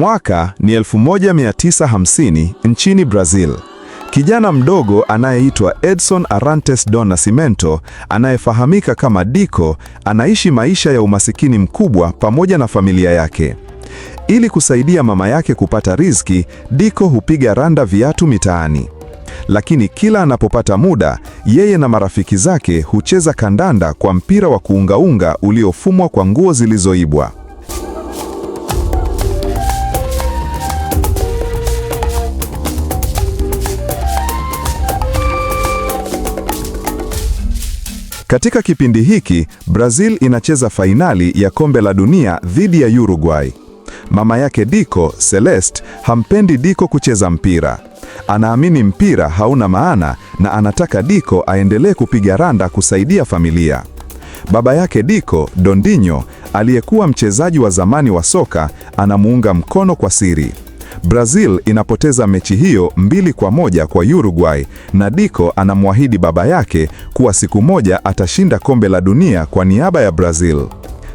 Mwaka ni 1950 nchini Brazil. Kijana mdogo anayeitwa Edson Arantes do Nascimento, anayefahamika kama Dico, anaishi maisha ya umasikini mkubwa pamoja na familia yake. Ili kusaidia mama yake kupata riziki, Dico hupiga randa viatu mitaani. Lakini kila anapopata muda, yeye na marafiki zake hucheza kandanda kwa mpira wa kuungaunga uliofumwa kwa nguo zilizoibwa. Katika kipindi hiki, Brazil inacheza fainali ya kombe la dunia dhidi ya Uruguay. Mama yake Diko, Celeste, hampendi Diko kucheza mpira. Anaamini mpira hauna maana na anataka Diko aendelee kupiga randa kusaidia familia. Baba yake Diko, Dondinho, aliyekuwa mchezaji wa zamani wa soka, anamuunga mkono kwa siri. Brazil inapoteza mechi hiyo mbili kwa moja kwa Uruguay na Deco anamwahidi baba yake kuwa siku moja atashinda kombe la dunia kwa niaba ya Brazil.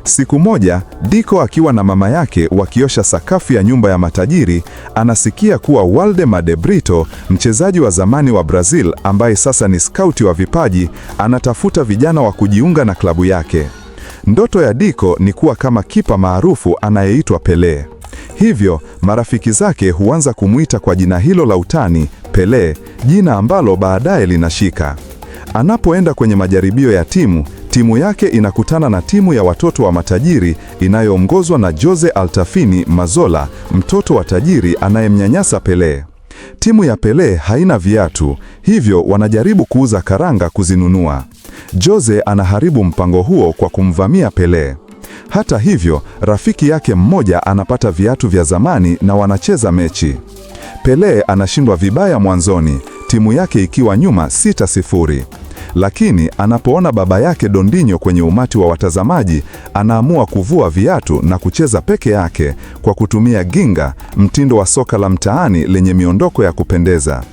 Siku moja Deco akiwa na mama yake wakiosha sakafu ya nyumba ya matajiri, anasikia kuwa Waldemar de Brito, mchezaji wa zamani wa Brazil ambaye sasa ni skauti wa vipaji, anatafuta vijana wa kujiunga na klabu yake. Ndoto ya Deco ni kuwa kama kipa maarufu anayeitwa Pele. Hivyo Marafiki zake huanza kumwita kwa jina hilo la utani, Pele, jina ambalo baadaye linashika. Anapoenda kwenye majaribio ya timu, timu yake inakutana na timu ya watoto wa matajiri inayoongozwa na Jose Altafini Mazola, mtoto wa tajiri anayemnyanyasa Pele. Timu ya Pele haina viatu, hivyo wanajaribu kuuza karanga kuzinunua. Jose anaharibu mpango huo kwa kumvamia Pele. Hata hivyo, rafiki yake mmoja anapata viatu vya zamani na wanacheza mechi. Pele anashindwa vibaya mwanzoni, timu yake ikiwa nyuma sita sifuri. Lakini anapoona baba yake Dondinyo kwenye umati wa watazamaji, anaamua kuvua viatu na kucheza peke yake kwa kutumia ginga, mtindo wa soka la mtaani lenye miondoko ya kupendeza.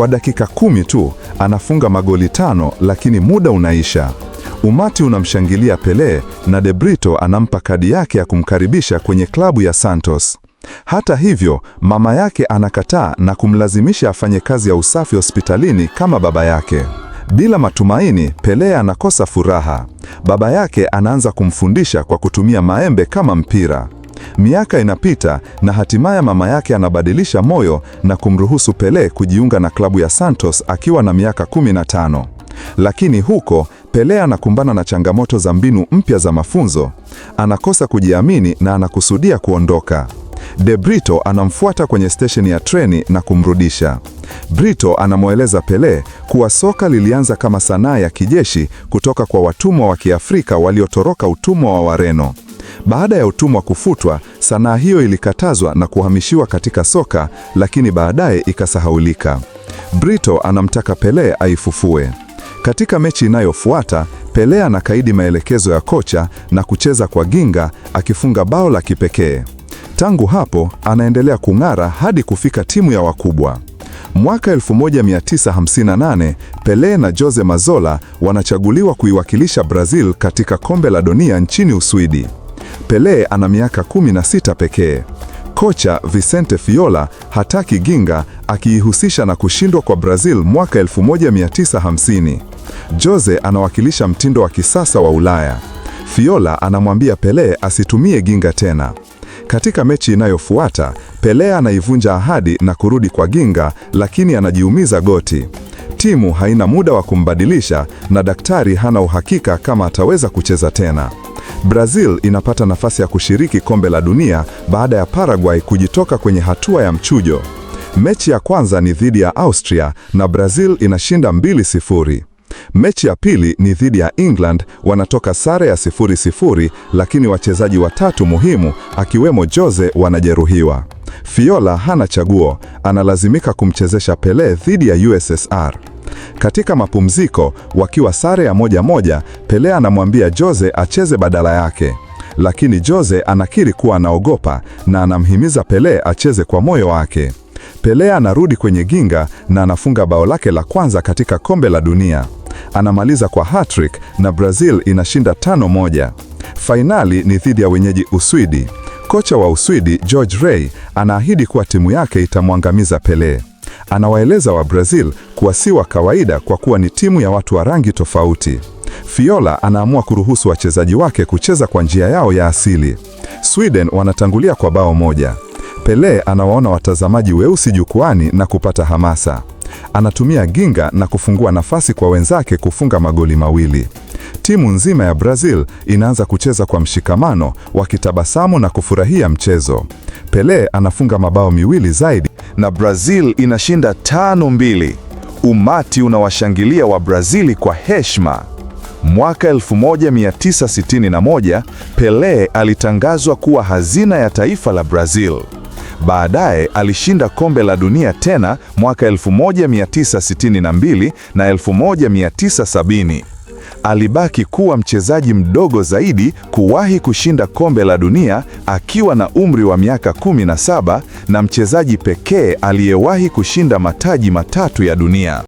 Kwa dakika kumi tu anafunga magoli tano, lakini muda unaisha. Umati unamshangilia Pele na De Brito anampa kadi yake ya kumkaribisha kwenye klabu ya Santos. Hata hivyo, mama yake anakataa na kumlazimisha afanye kazi ya usafi hospitalini kama baba yake. Bila matumaini, Pele anakosa furaha. Baba yake anaanza kumfundisha kwa kutumia maembe kama mpira. Miaka inapita na hatimaye mama yake anabadilisha moyo na kumruhusu Pele kujiunga na klabu ya Santos akiwa na miaka 15. Lakini huko Pele anakumbana na changamoto za mbinu mpya za mafunzo. Anakosa kujiamini na anakusudia kuondoka. De Brito anamfuata kwenye stesheni ya treni na kumrudisha. Brito anamweleza Pele kuwa soka lilianza kama sanaa ya kijeshi kutoka kwa watumwa wa Kiafrika waliotoroka utumwa wa Wareno. Baada ya utumwa kufutwa, sanaa hiyo ilikatazwa na kuhamishiwa katika soka, lakini baadaye ikasahaulika. Brito anamtaka Pele aifufue. Katika mechi inayofuata, Pele anakaidi maelekezo ya kocha na kucheza kwa ginga, akifunga bao la kipekee. Tangu hapo anaendelea kung'ara hadi kufika timu ya wakubwa. Mwaka 1958 Pele na Jose Mazola wanachaguliwa kuiwakilisha Brazil katika kombe la dunia nchini Uswidi. Pele ana miaka 16 pekee. Kocha Vicente Fiola hataki ginga akiihusisha na kushindwa kwa Brazil mwaka 1950. Jose anawakilisha mtindo wa kisasa wa Ulaya. Fiola anamwambia Pele asitumie ginga tena. Katika mechi inayofuata, Pele anaivunja ahadi na kurudi kwa ginga lakini anajiumiza goti. Timu haina muda wa kumbadilisha na daktari hana uhakika kama ataweza kucheza tena. Brazil inapata nafasi ya kushiriki kombe la dunia baada ya Paraguay kujitoka kwenye hatua ya mchujo. Mechi ya kwanza ni dhidi ya Austria na Brazil inashinda mbili sifuri. Mechi ya pili ni dhidi ya England, wanatoka sare ya sifuri sifuri, lakini wachezaji watatu muhimu akiwemo Jose wanajeruhiwa. Fiola hana chaguo, analazimika kumchezesha Pele dhidi ya USSR. Katika mapumziko, wakiwa sare ya moja moja, Pele anamwambia Jose acheze badala yake, lakini Jose anakiri kuwa anaogopa na anamhimiza Pele acheze kwa moyo wake. Pele anarudi kwenye ginga na anafunga bao lake la kwanza katika kombe la dunia. Anamaliza kwa hatrick na Brazil inashinda tano moja. Fainali ni dhidi ya wenyeji Uswidi. Kocha wa Uswidi George Rey anaahidi kuwa timu yake itamwangamiza Pele. Anawaeleza wa Brazil kuwa si wa kawaida kwa kuwa ni timu ya watu wa rangi tofauti. Fiola anaamua kuruhusu wachezaji wake kucheza kwa njia yao ya asili. Sweden wanatangulia kwa bao moja. Pele anawaona watazamaji weusi jukwani na kupata hamasa. Anatumia ginga na kufungua nafasi kwa wenzake kufunga magoli mawili. Timu nzima ya Brazil inaanza kucheza kwa mshikamano, wakitabasamu na kufurahia mchezo. Pele anafunga mabao miwili zaidi na Brazil inashinda tano mbili. Umati unawashangilia wa Brazili kwa heshima. Mwaka 1961 Pele alitangazwa kuwa hazina ya taifa la Brazil. Baadaye alishinda kombe la dunia tena mwaka 1962 na 1970 alibaki kuwa mchezaji mdogo zaidi kuwahi kushinda kombe la dunia akiwa na umri wa miaka 17 na mchezaji pekee aliyewahi kushinda mataji matatu ya dunia.